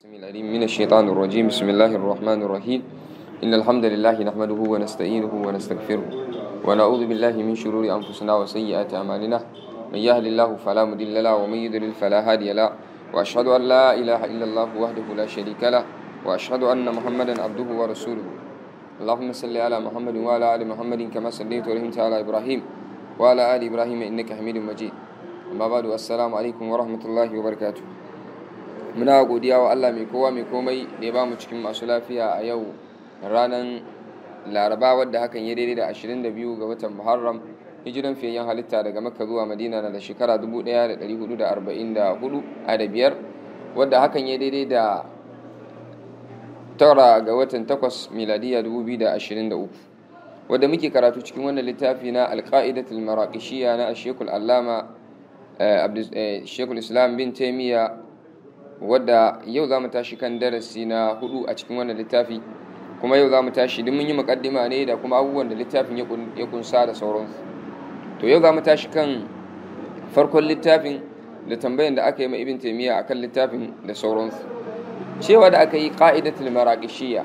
بسم العليم من الشيطان الرجيم بسم الله الرحمن الرحيم إن الحمد لله نحمده ونستعينه ونستغفره ونعوذ بالله من شرور أنفسنا وسيئات أعمالنا من يهد الله فلا مضل له ومن يضلل فلا هادي له وأشهد أن لا إله إلا الله وحده لا شريك له وأشهد أن محمدا عبده ورسوله اللهم صل على محمد وعلى آل محمد كما صليت ورحمت على إبراهيم وعلى آل إبراهيم إنك حميد مجيد أما بعد السلام عليكم ورحمة الله وبركاته muna godiya wa Allah mai kowa mai komai da ya mu cikin masu lafiya a yau ranar laraba wadda hakan ya daidai da 22 ga watan muharram hijiran fiyayyen halitta daga makka zuwa madina na da shekara 1444 a da biyar wadda hakan ya daidai da tara ga watan 8 miladiya 2023 wadda muke karatu cikin wannan littafi na alka'idatul maraƙishiya na a eh, eh, shekul islam bin taimiyya wadda yau za mu tashi kan darasi na hudu a cikin wannan littafi kuma yau za mu tashi duk mun yi mukaddima ne da kuma abubuwan da littafin ya kunsa da sauransu to yau za mu tashi kan farkon littafin da tambayan da aka yi ma ibn a akan littafin da sauransu cewa da aka yi qa'idatul maraqishiyya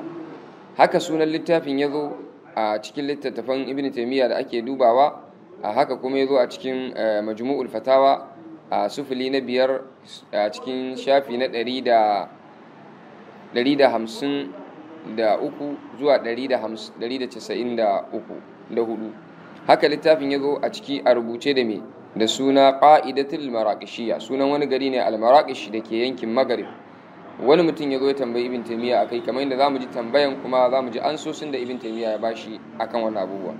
haka sunan littafin ya zo a cikin littattafan ibn taimiyya da ake dubawa a haka kuma ya zo a cikin eh, majmu'ul fatawa a sufuli na biyar a cikin shafi na ɗari da hamsin da uku zuwa ɗari da casa'in da uku da hudu haka littafin ya zo a ciki a rubuce da me da suna ƙa'idatul maraƙishiya sunan wani gari ne almaraƙishi da ke yankin magarib wani mutum ya zo ya tambayi ibn a akai kamar yadda za mu ji tambayan kuma za mu ji ansosin da ibn taimiyya ya bashi akan wani abubuwa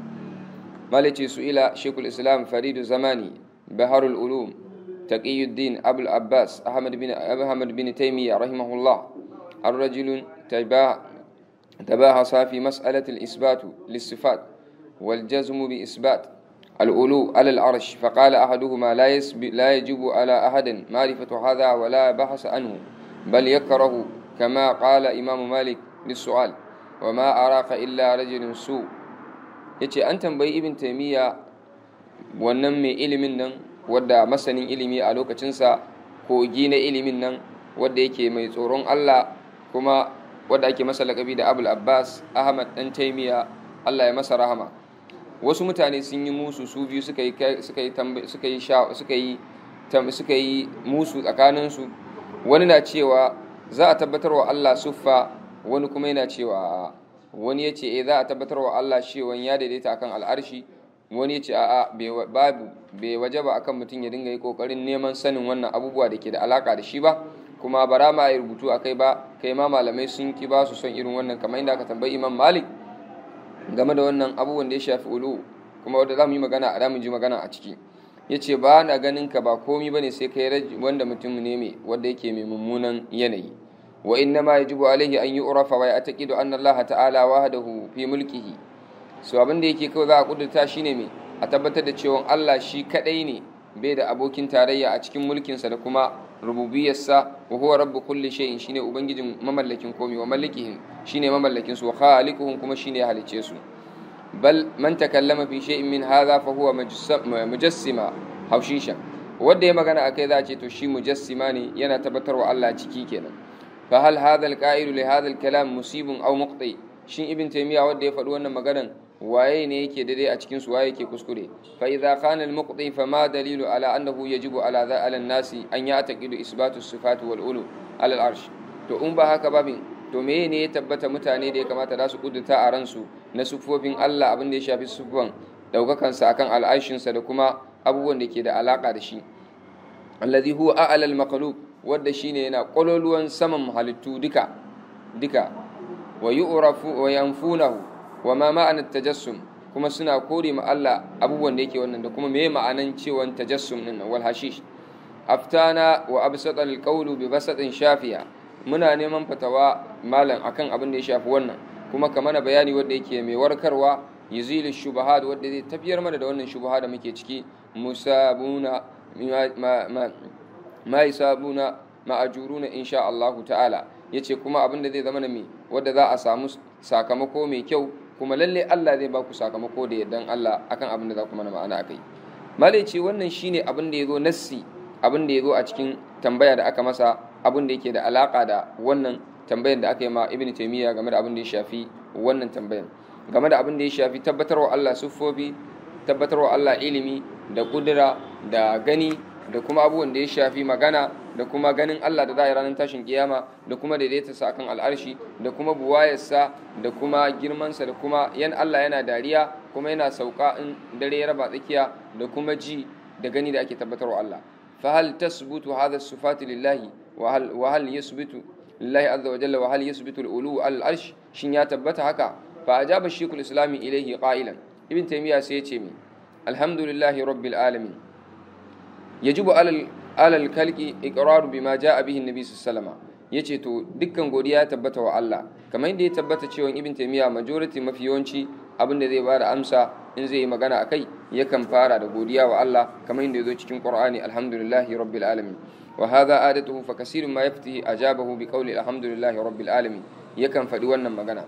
su su'ila shekul islam faridu zamani baharul ulum تقي الدين أبو العباس أحمد بن, أحمد بن تيمية رحمه الله الرجل تباهص في مسألة الإثبات للصفات والجزم بإثبات الألو على العرش فقال أحدهما لا, لا يجب على أحد معرفة هذا ولا بحث عنه بل يكره كما قال إمام مالك للسؤال وما أراك إلا رجل سوء يتي an بي ابن تيمية ونمي إلي ilimin wadda masanin ilimi a lokacinsa kogi na ilimin nan wadda yake mai tsoron Allah kuma wadda ake masa lakabi da abul abbas ahmad dan taimiya Allah ya masa rahama wasu mutane sun yi musu su biyu suka yi suka yi suka yi suka yi musu tsakaninsu wani na cewa za a tabbatar wa Allah suffa wani kuma yana cewa wani ya ce eh, za a tabbatar wa Allah shewan ya daidaita akan al'arshi wani ya ce a'a babu bai waje ba akan mutum ya dinga yi kokarin neman sanin wannan abubuwa da ke da alaka da shi ba kuma bara ma yi rubutu kai ba kai ma malamai sun ki ba su son irin wannan kamar inda aka tambayi imam malik game da wannan abubuwan da ya shafi ulu kuma wanda za mu yi magana a ramin ji magana a ciki ya ce ba na ganin ka ba komi ba ne sai kai wanda mutum ne mai wanda yake mai mummunan yanayi wa inna ma yajibu alaihi an yi urafa wa ya taqidu anna allaha ta'ala wahdahu fi mulkihi so abin da yake kawai za a kudurta shine me a tabbatar da cewa Allah shi kadai ne bai da abokin tarayya a cikin mulkinsa da kuma rububiyarsa wa huwa rabbu kulli shay'in shine ubangijin mamallakin komai wa malikihim shine mamallakin su wa khaliquhum kuma shine ya halice su bal man takallama fi shay'in min hadha fa huwa mujassima haushisha wanda ya magana akai za a ce to shi mujassima ne yana tabbatarwa Allah ciki kenan fa hal hadha al-qa'ilu li hadha al-kalam musibun aw muqti shin ibn taymiya wanda ya faɗi wannan maganar. waye ne yake daidai a cikin su waye yake kuskure fa idza khana al muqti fa ma dalilu ala annahu yajibu ala za ala nasi an ya'taqidu isbatu sifat wal ulu ala al arsh to in ba haka ba to me ne ya tabbata mutane da ya kamata da su kuduta a ransu na sufofin Allah abin da ya shafi sufofin daukakansa akan al'aishinsa da kuma abubuwan da ke da alaka da shi allazi huwa a'lal makhluq wanda shine yana kololuwan saman halittu duka duka wa yu'rafu wa yanfunahu wa ma tajassum kuma suna kore ma Allah abubuwan da yake wannan da kuma me ma'anan cewa tajassum din wal hashish aftana wa absata al qawlu bi basatin shafiya muna neman fatawa malam akan abin da ya shafi wannan kuma kamar bayani wanda yake mai warkarwa yuzilu shubahat wanda zai tafiyar mana da wannan shubaha da muke ciki musabuna ma yasabuna insha Allah ta'ala yace kuma abin da zai zama na wanda za a samu sakamako mai kyau kuma lalle Allah zai baku sakamako da yardan Allah akan abin da za ku mana ma'ana akai malai ce wannan shine abin da yazo nassi abin da yazo a cikin tambaya da aka masa abin da yake da alaka da wannan tambayar da aka yi ma ibnu taymiya game da abin da ya shafi wannan tambayar game da abin da ya shafi tabbatarwa Allah siffofi tabbatarwa Allah ilimi da kudura da gani da kuma abubuwan da ya shafi magana da kuma ganin Allah da za a yi ranar tashin kiyama da kuma daidaita sa akan al'arshi da kuma buwayarsa da kuma girmansa da kuma yan Allah yana dariya kuma yana sauka in dare ya raba tsakiya da kuma ji da gani da ake wa Allah fa hal tasbutu hadha sifatu lillahi wa hal wa hal yasbutu lillahi azza wa jalla wa hal yasbutu al-ulu al-arsh shin ya tabbata haka fa ajaba shaykhul islami ilayhi qailan ibn taymiya sai ya ce min alhamdulillahi rabbil alamin yajibu alal alal kalki iqraru bima jaa bihi annabi sallallahu alaihi ya ce to dukkan godiya ya tabbata wa Allah kamar yadda ya tabbata cewa ibn taymiya majority mafi yawanci abin da zai ba da amsa in zai yi magana akai yakan fara da godiya wa Allah kamar yadda ya zo cikin qur'ani alhamdulillahi rabbil alamin wa hadha adatuhu fa kasirun ma yaftihi ajabahu bi qawli alhamdulillahi rabbil alamin yakan faɗi wannan magana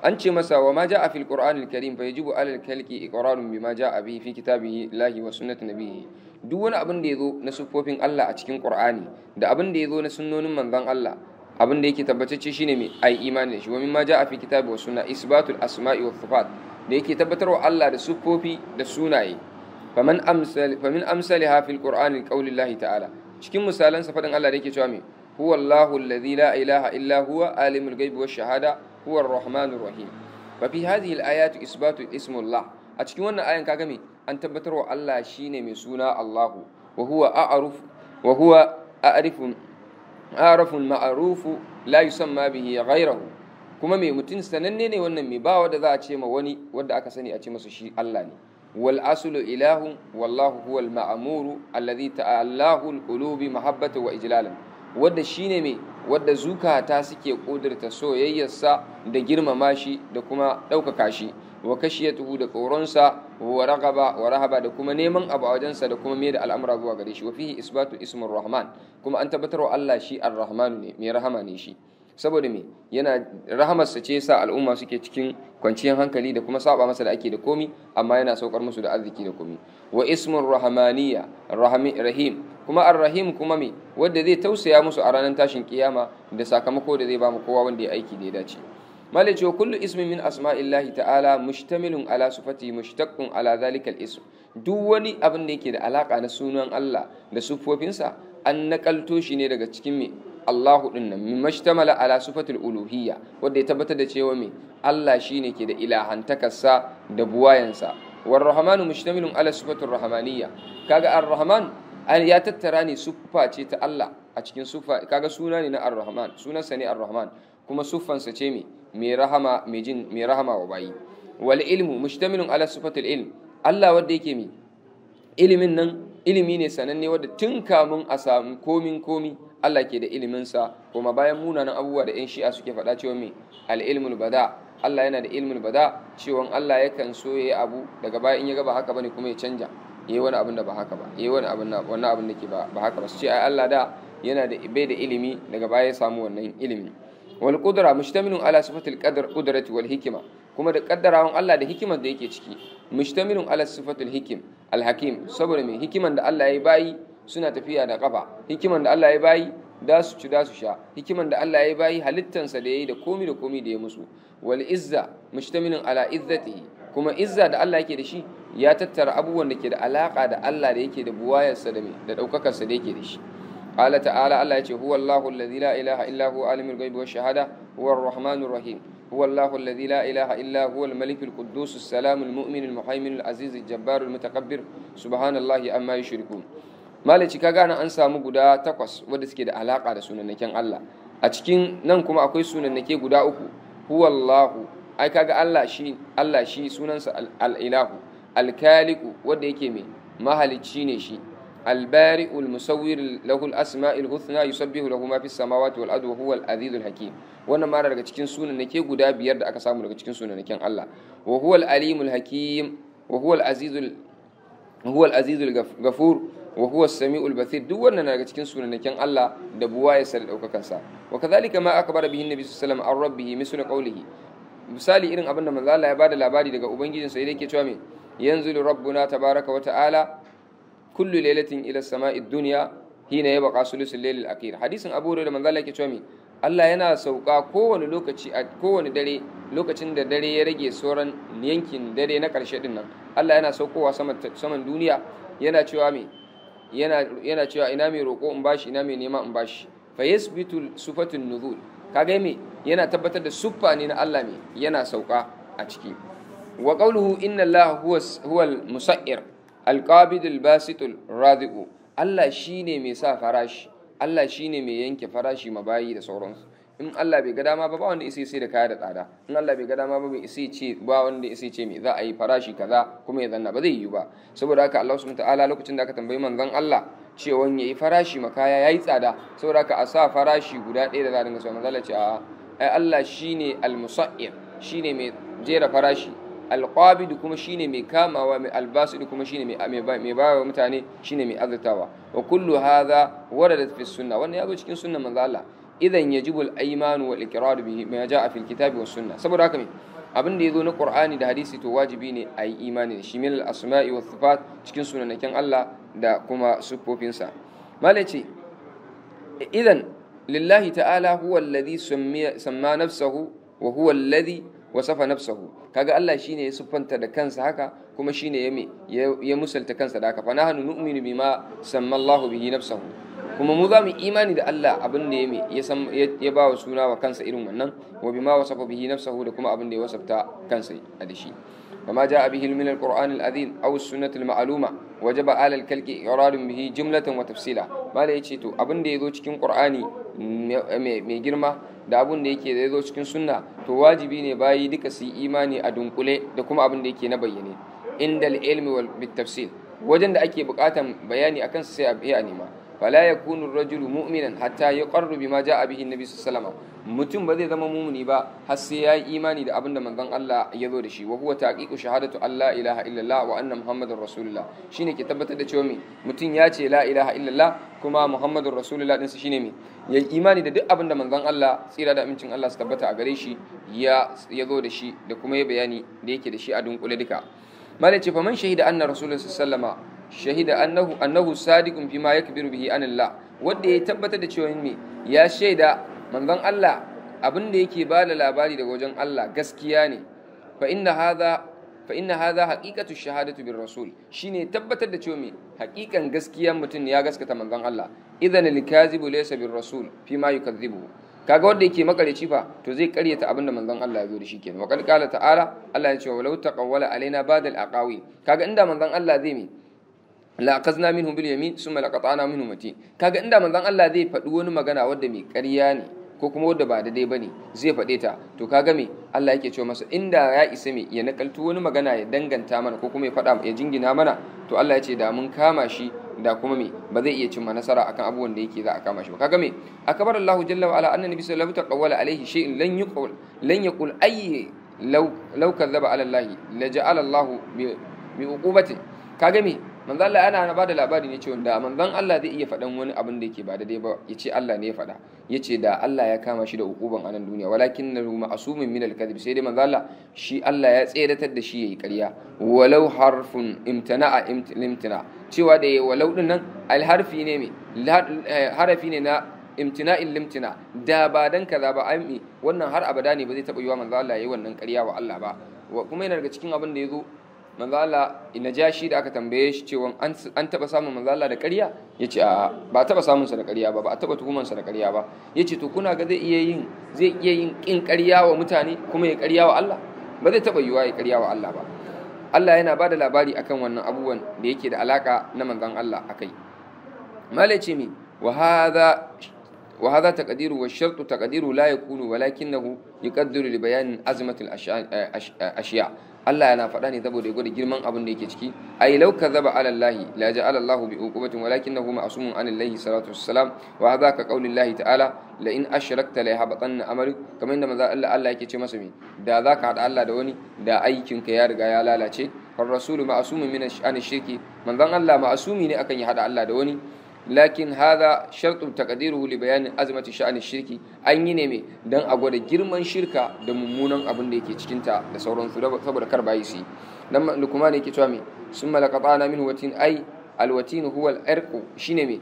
an ce masa wa ma ja'a fil qur'anil karim fa yajibu alal khalqi iqrarun bima ja'a bihi fi kitabihi lahi wa sunnati nabihi duk wani abin da yazo na sufofin Allah a cikin qur'ani da abin da yazo na sunnonin manzon Allah abin da yake tabbatacce shine mai ai imani da shi wa mimma ja'a fi kitabi wa sunna isbatul asma'i wa sifat da yake tabbatarwa Allah da sufofi da sunaye faman amsal famin amsalha fil qur'anil qaulillahi ta'ala cikin misalan sa fadin Allah da yake cewa me huwallahu alladhi la ilaha illa huwa alimul ghaibi wash shahada huwa ar rahim wa fi hadhihi ayatu isbatu ismullah a cikin wannan ayan kaga me an tabbatar wa Allah shine mai suna Allahu wa huwa a'ruf wa huwa a'rifu a'rafu al kuma mai mutum sananne ne wannan mai ba wanda za a ce ma wani wanda aka sani a ce masa shi Allah ne والأصل إله والله هو المأمور الذي تألاه القلوب محبة وإجلالا ود شينمي wadda zukata suke kudurta soyayyarsa da girmama shi da kuma ɗaukaka shi wa kashiyatuhu da tsoronsa wa ragaba wa rahaba da kuma neman abu a wajensa da kuma mai da al'amura zuwa gare shi wa fihi isbatu ismur rahman kuma an tabbatar wa Allah shi ar-rahmanu ne mai rahama ne shi saboda me yana rahamarsa ce sa al'umma suke cikin kwanciyar hankali da kuma saba masa da ake da komi amma yana saukar musu da arziki da komi wa ismur rahmaniya rahim kuma arrahim kuma me wanda zai tausaya musu a ranar tashin kiyama da sakamako da zai ba mu kowa wanda ya aiki da ya dace malai cewa kullu ismin min asma'illahi ta'ala mushtamilun ala sufati mushtaqqun ala zalikal ism duk wani abin da yake da alaka na sunan Allah da sufofinsa an nakalto shi ne daga cikin me Allahu din nan mashtamala ala sufatul uluhiyya wanda ya tabbatar da cewa me Allah shine ke da ilahantakarsa da buwayansa والرحمن مشتمل على صفة الرحمانية كاغا الرحمن ya tattara ne suffa ce ta Allah a cikin suffa kaga suna ne na ar-rahman sunansa ne ar-rahman kuma suffansa ce me mai rahama mai jin mai rahama wa bayi wal ilmu mushtamilun ala sifatil ilm Allah wanda yake mi ilimin nan ilimi ne sananne wanda tun kamun a samu komin komi Allah ke da ilimin sa kuma bayan munanan abubuwa da 'yan shi'a suke faɗa cewa me al-ilmul bada' Allah yana da ilmul bada cewa Allah yakan so ya yi abu daga baya in ya gaba haka bane kuma ya canja yi wani abin da ba haka ba yi wani abin wani abin da ke ba haka ba su ce ai Allah da yana da bai da ilimi daga baya ya samu wannan ilimi wal qudra mushtamilun ala sifatil qadr qudrati wal hikma kuma da qaddarawan Allah da hikimar da yake ciki mushtamilun ala sifatil hikim al hakim saboda me hikiman da Allah ya bayi suna tafiya da kafa hikiman da Allah ya bayi da su ci da su sha hikiman da Allah ya bayi halittansa da yayi da komi da komi da ya musu wal izza mushtamilun ala izzatihi kuma izza da Allah yake da shi ya tattara abubuwan da ke da alaka da Allah da yake da buwayarsa da me da ɗaukakarsa da yake da shi qala ta'ala Allah ya ce huwa Allahu allazi la ilaha illa huwa alimul ghaibi wa shahada huwa arrahmanur rahim هو الله الذي لا إله إلا هو الملك القدوس السلام المؤمن المهيمن العزيز الجبار المتكبر mutakabbir subhanallahi amma yushrikun malaci kaga gane an samu guda takwas wanda suke da alaka da sunannaken Allah a cikin nan kuma akwai sunannake guda uku Allahu ai kaga Allah shi Allah shi sunansa al-ilahu al-kaliku wanda yake mai mahalicci ne shi البارئ المصور له الاسماء الحسنى يسبح له ما في السماوات والارض وهو العزيز الحكيم wannan ma daga cikin sunan sunanake guda biyar da aka samu daga cikin sunanaken Allah wa huwa al-alim al-hakim wa huwa al-aziz huwa al-aziz al-ghafur wa huwa as-sami'u al-basir duk wannan daga cikin sunanaken Allah da buwa ya sar daukakan sa wa kadhalika ma akbara bihi annabi sallallahu alaihi wasallam an rabbihi mislu qawlihi misali irin abin da manzo Allah ya bada labari daga ubangijinsa idan yake cewa me yanzu rabbuna tabaraka wa ta'ala kullu lailatin ila sama'id dunya hina yabqa sulusul lailil akhir hadisin Abu Hurairah manzo Allah yake cewa me Allah yana sauka kowane lokaci a kowane dare lokacin da dare ya rage sauran yankin dare na karshe din nan Allah yana saukowa saman duniya yana cewa me yana yana cewa ina mai roko in bashi ina mai nema in bashi fa yasbitu sufatun nuzul kage me yana tabbatar da suffa ne na Allah ne yana sauka a ciki wa qawluhu inna Allah huwa al-musa'ir al-qabid al-basit al-raziq Allah shine mai sa farashi Allah shine mai yanke farashi mabayi da sauransu in Allah bai ga dama ba ba wanda isa sai da kaya da tsada in Allah bai ga dama ba bai isa ce ba wanda isa ce me za a yi farashi kaza kuma ya zanna ba zai yi ba saboda haka Allah subhanahu ta'ala lokacin da aka tambayi manzon Allah cewa yayi farashi makaya yayi tsada saboda haka a sa farashi guda ɗaya da za a dinga so manzon Allah ce a'a ai Allah shine al-musa'ir shine mai jera farashi al alqabid kuma shine mai kamawa mai albasid kuma shine mai mai bawa mutane shine mai azatawa wa kullu hadha waradat fi sunna wannan yazo cikin sunnan manzo Allah idan yajibu al-ayman wal iqrar bihi ma jaa fi al-kitabi was sunna saboda haka me abin da yazo na qur'ani da hadisi to wajibi ne ayi imani da shi min al-asma'i was sifat cikin sunanakin Allah da kuma sufofinsa malai idan lillahi ta'ala huwa alladhi samma nafsahu wa huwa alladhi wasafa nafsahu kaga Allah shine ya siffanta da kansa haka kuma shine ya me ya musalta kansa da haka fa nahnu nu'minu bima samma Allahu bihi nafsahu kuma mu zamu imani da Allah abin da ya me suna wa kansa irin wannan wa bima wasafa bihi nafsahu da kuma abin da ya wasafta kansa a dashi kama ja'a bihi min al-Qur'an al-azim aw waje ba alal kalki bihi jumlatan wa tafsila mala yace to abin da zo cikin qur'ani mai girma da abin da yake yazo cikin sunna to wajibi ne bayi duka su yi imani a dunkule da kuma abin da yake na bayyane indal ilmi wal bitafsil wajen da ake bukatan bayani akan sai a iya nema fala yakunu ar-rajulu mu'minan hatta yuqarru bima ja'a bihi an-nabi sallallahu alaihi mutum ba zai zama mumuni ba har sai ya yi imani da abin da manzon Allah ya zo da shi wa huwa taqiqu shahadatu an la ilaha illallah wa anna muhammadar rasulullah shine ke tabbatar da cewa me mutum ya ce la ilaha illallah kuma muhammadur rasulullah din su shine me ya yi imani da duk abin da manzon Allah tsira da amincin Allah su tabbata a gare shi ya ya zo da shi da kuma ya bayani da yake da shi a dunkule duka malai ce fa man shahida anna rasulullah sallallahu alaihi wasallama shahida annahu annahu sadiqun bima yakbiru bihi anillah wanda ya tabbatar da cewa me ya shaida manzon Allah abin da yake ba da labari daga wajen Allah gaskiya ne fa inna hadha fa inna hadha haqiqatu shahadatu bir rasul shine tabbatar da cewa me haqiqan gaskiyan mutum ya gaskata manzon Allah idan kazibu laysa bir rasul fi ma yukadzibu kaga wanda yake makareci fa to zai karyata abin da manzon Allah ya zo da shi kenan wa qala ta'ala Allah ya ce walau taqawwala alaina badal aqawi kaga inda manzon Allah zai mi kazna minhum bil yamin summa qata'na minhum mati kaga inda manzon Allah zai faɗi wani magana wanda mai ƙarya ne ko kuma wanda ba daidai bane zai faɗe ta to kaga me Allah yake cewa masa inda ya isa me ya nakaltu wani magana ya danganta mana ko kuma ya faɗa ya jingina mana to Allah ya ce da mun kama shi da kuma me ba zai iya cimma nasara akan abubuwan da yake za a kama shi ba kaga me akabar Allah jalla wa ala anna nabi sallallahu alaihi wasallam alaihi shay'in lan yuqul lan yaqul ayy law law kadhaba ala Allah la ja'ala Allah bi uqubati kaga me manzo Allah yana ba da labari ne cewa da manzan Allah zai iya faɗan wani abin da yake ba daidai ba ya ce Allah ne ya faɗa ya ce da Allah ya kama shi da ukuban anan duniya walakin na ruma asumin min alkadib sai dai manzo Allah shi Allah ya tseratar da shi yayi ƙarya walau harfun imtana'a imtina cewa da yayi walau din nan alharfi ne mai eh, harafi ne na imtina'in limtina da ba dan kaza ba ai wannan har abada ne ba zai taba yiwa manzo Allah yayi wannan karya wa Allah ba kuma yana daga cikin abin da ya zo. manzala najashi da aka tambaye shi cewa an taba samun manzala da ƙarya yace a ba taba samun sa da ƙarya ba ba a taba tuhuman sa da ƙarya ba Ya ce to kuna ga zai iya yin zai iya yin kin ƙarya wa mutane kuma ya ƙarya wa Allah ba zai taba yiwa ya ƙarya wa Allah ba Allah yana ba da labari akan wannan abubuwan da yake da alaka na manzon Allah akai ce mi wa hadha وهذا تقدير والشرط تقدير لا يكون ولكنه يقدر لبيان أزمة الأشياء Allah yana faɗa ne saboda ya gwada girman abin da yake ciki ai lau kadzaba ala Allah la ja'ala Allah bi uqubatin walakinahu ma'sumun an Allah salatu wassalam wa hadha ka qawli Allah ta'ala la in ashrakta la yahbatanna amali kamar inda manzo Allah Allah yake ce masa me da zaka hada Allah da wani da aikinka ya riga ya lalace ar rasulu ma'sumun min an shirki manzon Allah ma'sumi ne akan ya hada Allah da wani lakin hada shartun takadiru li bayanin azmati sha'anin shirki an yi ne mai a gwada girman shirka da mummunan abin da yake cikinta da sauran su saboda kar bayi su yi dan ne yake cewa me sun malakata min watin ai alwatin huwa al'irqu shine mai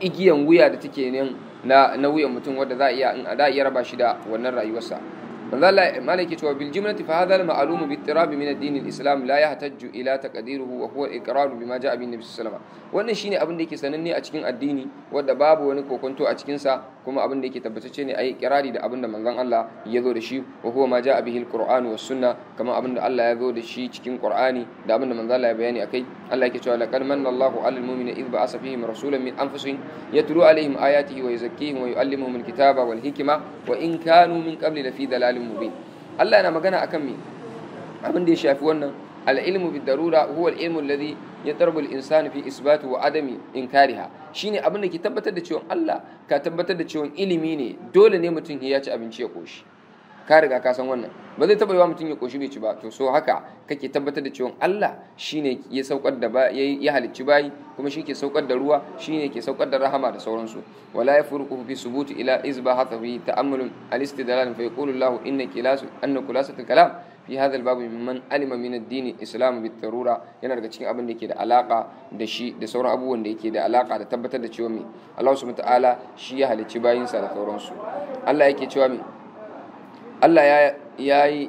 igiyan wuya da take nan na wuyan mutum wanda za a iya raba shi da wannan rayuwarsa manzo Allah malaki cewa bil jumlati fa hadha al ma'lum bi ittirab min ad-din islam la yahtaju ila taqdiruhu wa huwa al-iqrar bima ja'a bi nabi sallallahu alaihi wasallam wannan shine abin da yake sananne a cikin addini wanda babu wani kokonto a cikin sa kuma abin da yake tabbatacce ne ayi kirari da abin da manzon Allah ya zo da shi wa huwa ma ja'a bihi al-qur'an was sunna kama abin da Allah ya zo da shi cikin qur'ani da abin da manzon Allah ya bayani kai Allah yake cewa laqad manna Allahu 'alal mu'minina idh ba'asa fihim rasulan min anfusihim yatlu wa yuzakkihim wa yu'allimuhum kitaba wal hikma wa min mubin Allah yana magana akan me abin da ya shafi wannan al-ilmu bid darura huwa al-ilmu alladhi yatarbu al-insanu fi isbati wa adami inkariha shine abin da ke tabbatar da cewa Allah ka tabbatar da cewa ilimi ne dole ne mutum ya ci abinci ya koshi ka riga ka san wannan ba zai taba wa mutum ya koshi bai ci ba to so haka kake tabbatar da cewa Allah shine ya saukar da ba ya halicci bayi kuma shi ke saukar da ruwa shine ke saukar da rahama da sauransu wala yafruqu fi subuti ila izba hathabi ta'ammulun al-istidlal fa yaqulu Allah innaki la anna kulasatul kalam fi hadha al-bab mimman alima min ad-din islam bit tarura yana daga cikin abin da yake da alaka da shi da sauran abubuwan da yake da alaka da tabbatar da cewa Allah subhanahu wa ta'ala shi ya halicci bayinsa da sauransu Allah yake cewa me Allah ya yi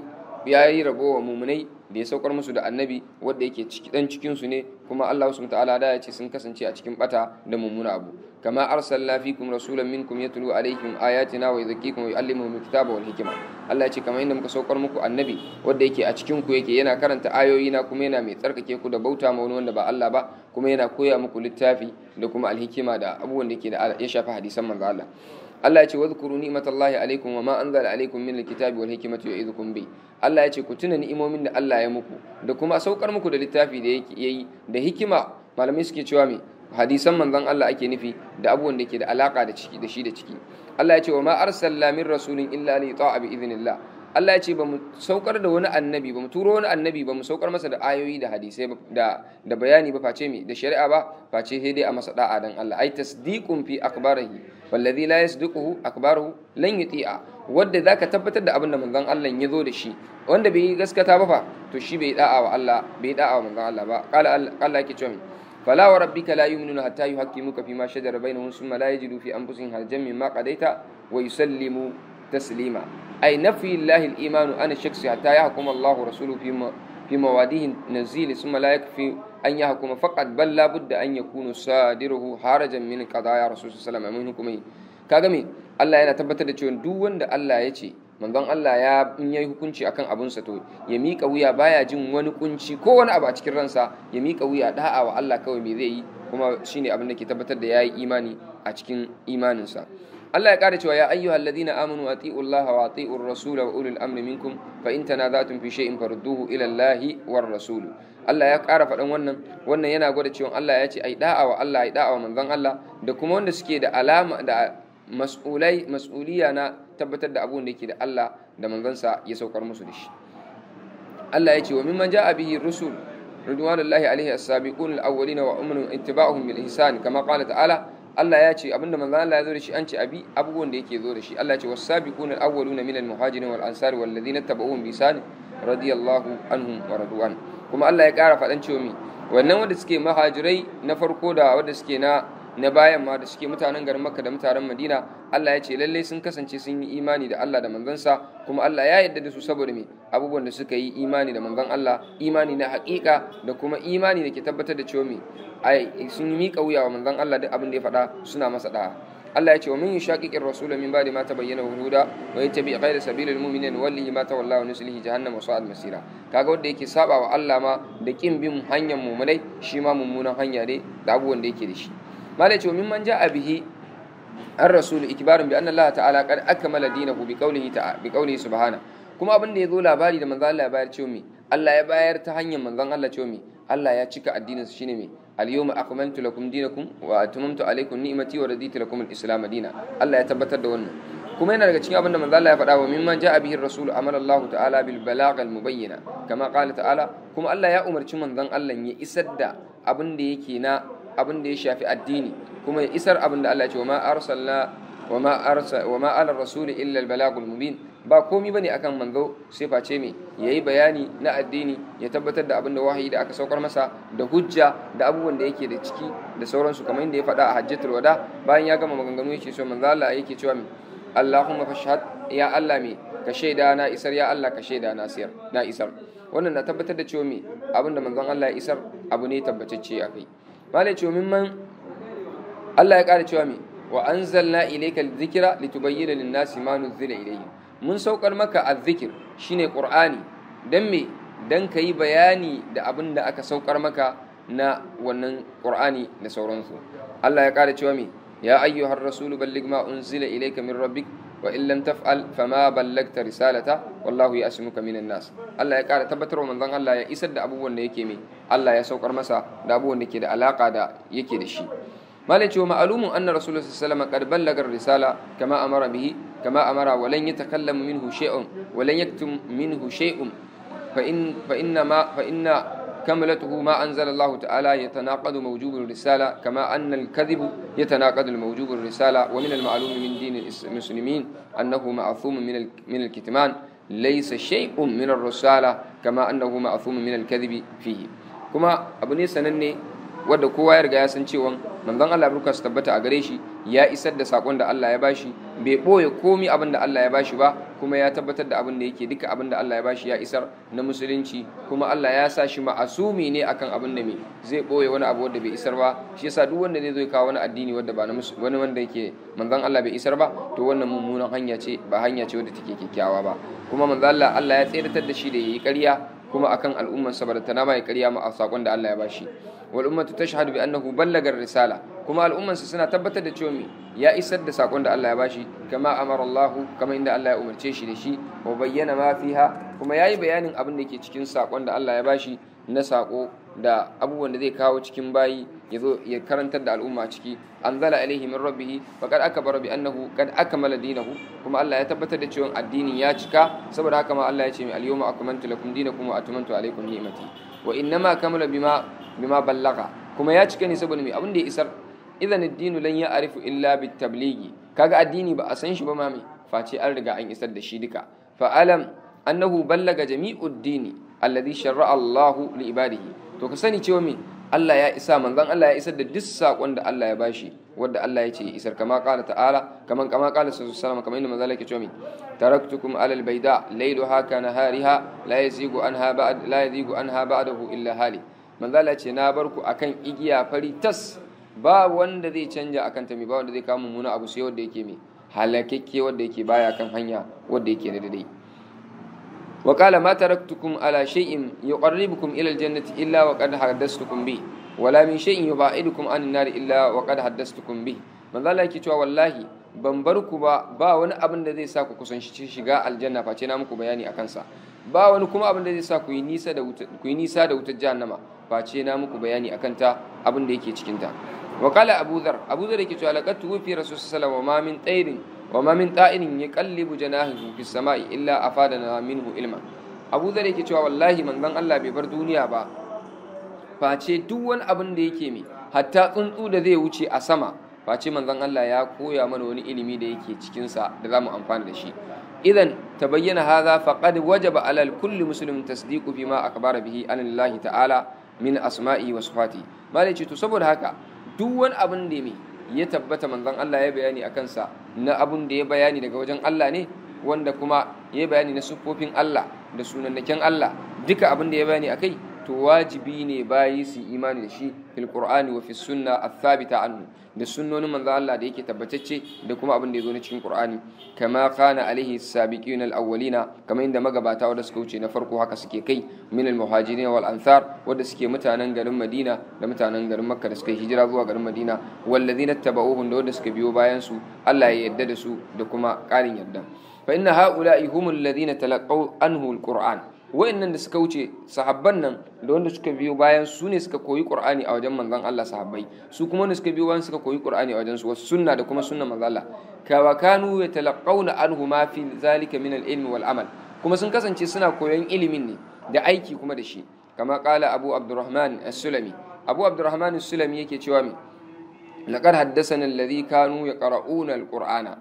wa mumunai da ya saukar musu da annabi wadda yake dan cikinsu ne kuma Allah subhanahu ta'ala da ya ce sun kasance a cikin bata da mummuna abu kama arsalna fikum rasulan minkum yatlu alaykum ayatina wa yuzakkikum wa yuallimukum alkitaba wal hikma Allah ya ce kama inda muka saukar muku annabi wadda yake a cikin ku yake yana karanta ayoyi na kuma yana mai tsarkake ku da bauta ma wani wanda ba Allah ba kuma yana koya muku littafi da kuma alhikima da abubuwan da yake da ya shafi hadisan manzo Allah Allah ya ce wadhkuru ni'matallahi alaikum wa ma anzala alaikum min alkitabi wal hikmati yu'izukum bi Allah ya ce ku tuna ni'imomin da Allah ya muku da kuma saukar muku da littafi da yayi da hikima malamai suke cewa me hadisan manzon Allah ake nufi da abubuwan da ke da alaka da ciki da shi da ciki Allah ya ce wa ma arsalna min rasulin illa li ta'a bi idhnillah Allah ya ce ba mu saukar da wani annabi ba mu turo wani annabi ba mu saukar masa da ayoyi da hadisai da da bayani ba face mi da shari'a ba face sai dai a masa da'a dan Allah ai tasdiqun fi akbarihi wallazi la yasdiquhu akbaru lan yuti'a wanda zaka tabbatar da abin da manzon Allah ya zo da shi wanda bai gaskata ba fa to shi bai da'a wa Allah bai da'a wa manzon Allah ba qala Allah yake cewa فلا وربك لا يؤمنون حتى ma فيما شجر بينهم ثم لا يجدوا في انفسهم حرجا مما قضيت ويسلموا taslima ay nafi lillahi al-iman an shakhsi hatta yahkum Allah rasuluhu fi fi mawadihi nazil thumma la yakfi an yahkum faqat bal la budda an yakunu sadiruhu harajan min qadaya rasul sallallahu alaihi wasallam kaga me Allah yana tabbatar da cewa duk wanda Allah ya ce manzon Allah ya in hukunci akan abunsa to ya mika wuya baya jin wani kunci kowane abu a cikin ransa ya mika wuya da'a wa Allah kawai me zai yi kuma shine abin da ke tabbatar da yi imani a cikin imaninsa Allah ya ƙara cewa ya ayyuha alladhina amanu ati'u Allah wa ati'u ar-rasul wa ulul amri minkum fa in tanaza'tum fi shay'in farudduhu ila Allah war rasul Allah ya ƙara faɗan wannan wannan yana gwada cewa Allah ya ce ai da'a wa Allah ai da'a wa manzon Allah da kuma wanda suke da alama da mas'ulai mas'uliya na tabbatar da abun da yake da Allah da manzansa ya saukar musu da shi Allah ya ce wa mimman ja'a bihi rusul ridwanullahi alaihi as-sabiqun al-awwalina wa umrun ittiba'uhum bil ihsan ta'ala Allah ya ce abinda manzo Allah ya zo da shi an ce abi abubuwan da yake zo da shi Allah ya ce was awwaluna minal muhajirin wal ansari wal ladina tabauhum bi ihsan radiyallahu anhum wa radwan kuma Allah ya kara faɗan cewa mi wannan wanda suke mahajirai na farko da wanda suke na na bayan ma da suke mutanen garin makka da mutanen madina allah ya ce lallai sun kasance sun yi imani da allah da manzansa kuma allah ya yadda da su saboda me abubuwan da suka yi imani da manzan allah imani na hakika da kuma imani da ke tabbatar da cewa me ai sun yi miƙa wuya wa manzan allah duk abin da ya faɗa suna masa ɗaya. Allah ya ce wa min yushaqiqir rasula min ba'di ma tabayyana huda wa yattabi ghayra sabilil mu'minin wallahi ma tawalla wa nuslihi jahannama sa'at masira kaga wanda yake saba wa Allah ma da kin bin hanyar mumunai shi ma mummunan hanya ne da abubuwan da yake da shi malai ce mimman ja'a bihi an rasulu ikbarin bi anna Allah ta'ala qad akmala dinahu bi qawlihi ta'ala bi kuma abin da ya zo labari da manzo Allah ya bayar cewa me Allah ya bayar ta hanyar manzon Allah cewa ya cika addinin su shine me al-yawma akmaltu lakum dinakum wa atmamtu ya tabbatar da wannan kuma yana daga cikin abin da manzo Allah ya faɗa wa mimman ja'a bihi ar-rasul amara ta'ala bil ta'ala kuma Allah ya umarci manzan Allah ya isar da abin da yake na abin da ya shafi addini kuma ya isar abin da Allah ya ce wa ma arsalna wa ma arsa wa illa al balagul mubin ba komi ba bane akan manzo sai face ya yi bayani na addini ya tabbatar da abin da wahayi da aka saukar masa da hujja da abubuwan da yake da ciki da sauransu kamar yadda ya faɗa a hajjatul wada bayan ya gama maganganu yake so manzo Allah yake cewa me Allahumma fashhad ya Allah me ka shaida na isar ya Allah ka shaida na siyar na isar wannan na tabbatar da cewa mai abin da manzon Allah ya isar abu ne tabbatacce a kai malai ce mimman Allah ya ƙara cewa me wa anzalna ilaika zikira litubayyana lin-nasi ma nuzila ilayhim mun saukar maka azzikir shine qur'ani dan me dan kayi bayani da abin da aka saukar maka na wannan qur'ani da sauransu Allah ya ƙara cewa me ya ayyuhar rasulu balligh ma unzila ilayka min rabbik وإن لم تفعل فما بلغت رسالته والله يأسمك من الناس الله يقال قال تبتر من ظن الله يسد أبو أن يكيمي الله يا سوكر مسا دا أبو وند يكي دا دا يكي دا شي مالك ومعلوم أن رسول الله صلى الله عليه وسلم قد بلغ الرسالة كما أمر به كما أمر ولن يتكلم منه شيء ولن يكتم منه شيء فإن فإنما فإن كملته ما أنزل الله تعالى يتناقض موجوب الرسالة كما أن الكذب يتناقض الموجوب الرسالة ومن المعلوم من دين المسلمين أنه معصوم من من الكتمان ليس شيء من الرسالة كما أنه معصوم من الكذب فيه كما أبو نيسا نني ودكوا ya riga ya san cewa manzon Allah ya tabbata a gare shi الله يباشي bai ɓoye komi abin da Allah ya bashi ba kuma ya tabbatar da abin da yake duka abin da Allah ya bashi ya isar na musulunci kuma Allah ya sa shi ma'asumi ne akan abin da me zai ɓoye wani abu wanda bai isar ba shi yasa duk wanda zai zo kawo wani addini wanda ba na wani wanda yake manzon Allah bai isar ba to wannan mummunan hanya ce ba hanya ce wadda take kyakkyawa ba kuma manzon Allah Allah ya tsayar da shi da yayi ƙarya kuma akan al'ummar sa ba da ta nama ya ƙarya ma a sakon da Allah ya bashi wal ummatu tashhadu bi annahu ballaga risala kuma al'umman su suna tabbatar da cewa ya isar da sakon da Allah ya bashi kama amara Allah kama inda Allah ya umarce shi da shi wa bayyana mafi ha. kuma ya yi bayanin abin da ke cikin sakon da Allah ya bashi na sako da abubuwan da zai kawo cikin bayi ya zo karantar da al'umma ciki an zala alaihi min rabbihi wa kad akbara bi annahu kad akmala dinahu kuma Allah ya tabbatar da cewa addinin ya cika saboda haka ma Allah ya ce a al-yawma akmaltu lakum dinakum wa atmamtu alaykum ni'mati wa innama kamala bima bima ballaga kuma ya cika ne saboda mai abin da ya isar idan addinu lan ya arifu illa bit tabligi kaga addini ba a san shi ba ma mai face an riga an isar da shi duka fa alam annahu ballaga jami'ud dini alladhi shar'a Allah li ibadihi to ka sani cewa mi Allah ya isa manzon Allah ya isar da duk sakon da Allah ya bashi wanda Allah ya ce ya isar kama qala ta'ala kaman kama qala sallallahu alaihi wasallam kaman inda manzon Allah yake cewa me taraktukum ala albayda laylaha ka nahariha la yazigu anha ba'd la yazigu anha ba'dahu illa halik manzala ce na bar ku akan igiya fari tas ba wanda zai canja akan kan mai ba wanda zai kama mummuna abu sai wanda yake mai halakakke wanda yake baya kan hanya wanda yake na daidai wa qala ma taraktukum ala shay'in yuqarribukum ila aljannati illa wa qad haddathtukum bi wala min shay'in yubaidukum an an-nar illa wa qad tukun bi manzala yake cewa wallahi ban bar ku ba ba wani abin da zai sa ku kusanci shiga aljanna face na muku bayani akan sa ba wani kuma abin da zai sa ku yi nisa da wuta ku wutar jahannama face na muku bayani akan ta abin da yake cikin ta wa qala abu dhar abu dhar yake cewa laqad tuwfi rasul sallallahu alaihi wasallam wa ma min tayrin wa ma min ta'irin yaqallibu janahihi fis sama'i illa afadana minhu ilma abu dhar yake cewa wallahi manzon Allah bai bar duniya ba face duk wani abin da yake mi hatta tsuntsu da zai wuce a sama face manzon Allah ya koya mana wani ilimi da yake cikinsa da za mu amfana da shi idan ta bayyana haza faqad wajaba ala kulli muslimin tasdiqu bima akbara bihi anillahi ta'ala min asma'i wa sifati malai to saboda haka duk wani abin da mai ya tabbata manzon Allah ya bayani akan sa na abin da ya bayani daga wajen Allah ne wanda kuma ya bayani na siffofin Allah da sunannaken Allah duka abin da ya bayani akai to wajibi ne bayi su imani da shi fil qur'ani wa fi sunna athabita anhu da sunnonin manzo Allah da yake tabbatacce da kuma abin da yazo na cikin qur'ani kama kana alaihi sabiqina al-awwalina kamar inda magabata wanda suka wuce na farko haka suke kai min al-muhajirin wal ansar wanda suke mutanen garin Madina da mutanen garin Makka da suka hijira zuwa garin Madina wallazina tabauhum da wanda suka biyo bayan su Allah ya yarda da su da kuma ƙarin yarda fa inna ha'ula'i humul ladina talaqaw anhu al-qur'an nan da suka wuce sahabban nan da wanda suka biyo bayan su ne suka koyi qur'ani a wajen manzon Allah sahabbai su kuma wanda suka biyo bayan suka koyi qur'ani a wajen su wasu sunna da kuma sunna manzon Allah ka wa kanu yatalaqawna anhu ma fi zalika min al-ilmi wal amal kuma sun kasance suna koyon ilimin ne da aiki kuma da shi kama kala abu abdurrahman as-sulami abu abdurrahman as-sulami yake cewa mi laqad haddathana alladhi kanu yaqra'una al-qur'ana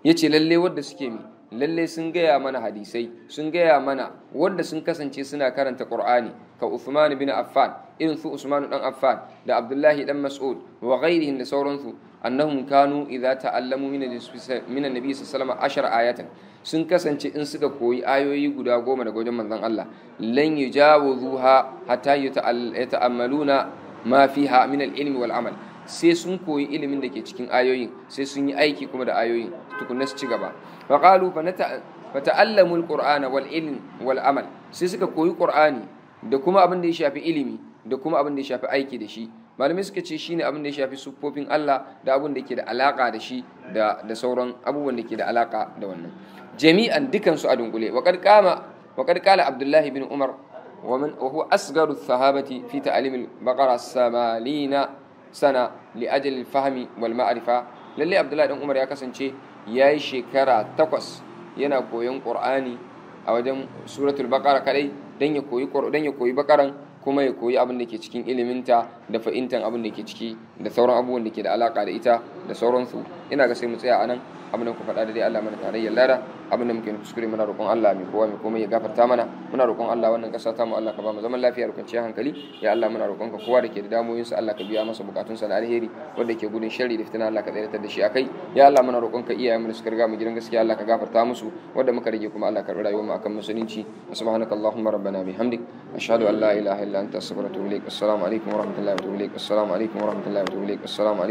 yace lalle wanda suke mi lalle sun gaya mana hadisai sun gaya mana wanda sun kasance suna karanta qur'ani ka Uthman bin Affan irin su Usman dan Affan da Abdullahi dan Mas'ud wa ghairihim da sauransu annahum kanu idza ta'allamu min min annabi sallallahu alaihi ayatan sun kasance in suka koyi ayoyi guda goma daga wajen manzon Allah lan zuha hatta yata'ammaluna ma fiha min al-ilmi wal amal sai sun koyi ilimin da ke cikin ayoyin sai sun yi aiki kuma da ayoyin tukunna su ci gaba fa qalu fa ta'allamu alqur'ana wal ilm wal amal sai suka koyi qur'ani da kuma abin da ya shafi ilimi da kuma abin da ya shafi aiki da shi malamai suka ce shine abin da ya shafi sufofin Allah da abin da ke da alaka da shi da da sauran abubuwan da ke da alaka da wannan jami'an dukansu a dunkule wa qad qama wa qad qala abdullahi bin umar ومن وهو أصغر الصحابة في تعليم البقرة samalina. sana li ajali fahmi wal ma'rifa lalle abdullahi dan umar ya kasance yayi shekara takwas yana koyon qur'ani a wajen suratul baqara kadai dan ya koyi dan ya koyi baqaran kuma ya koyi abin da ke cikin iliminta da fa'intan abin da ke ciki da sauran abubuwan da ke da alaka da ita da sauransu ina ga sai mu tsaya anan abin da kuka faɗa da dai Allah mana tarayyar lada abin da muke kuskure muna roƙon Allah mai kowa mai komai ya gafarta mana muna roƙon Allah wannan ƙasa ta mu Allah ka ba mu zaman lafiya da kwanciyar hankali ya Allah muna roƙon ka kowa da ke da damuwoyin sa Allah ka biya masa bukatun sa na alheri wanda ke gudun sharri da fitina Allah ka tsayar da shi akai ya Allah muna roƙon ka iyayen mu da suka riga mu gidan gaskiya Allah ka gafarta musu wanda muka rage kuma Allah ka rayuwar mu akan musulunci allahumma rabbana bihamdik ashhadu an la ilaha illa anta astaghfiruka wa atubu ilaik assalamu alaikum wa rahmatullahi wa barakatuh assalamu alaikum wa rahmatullahi wa barakatuh assalamu alaikum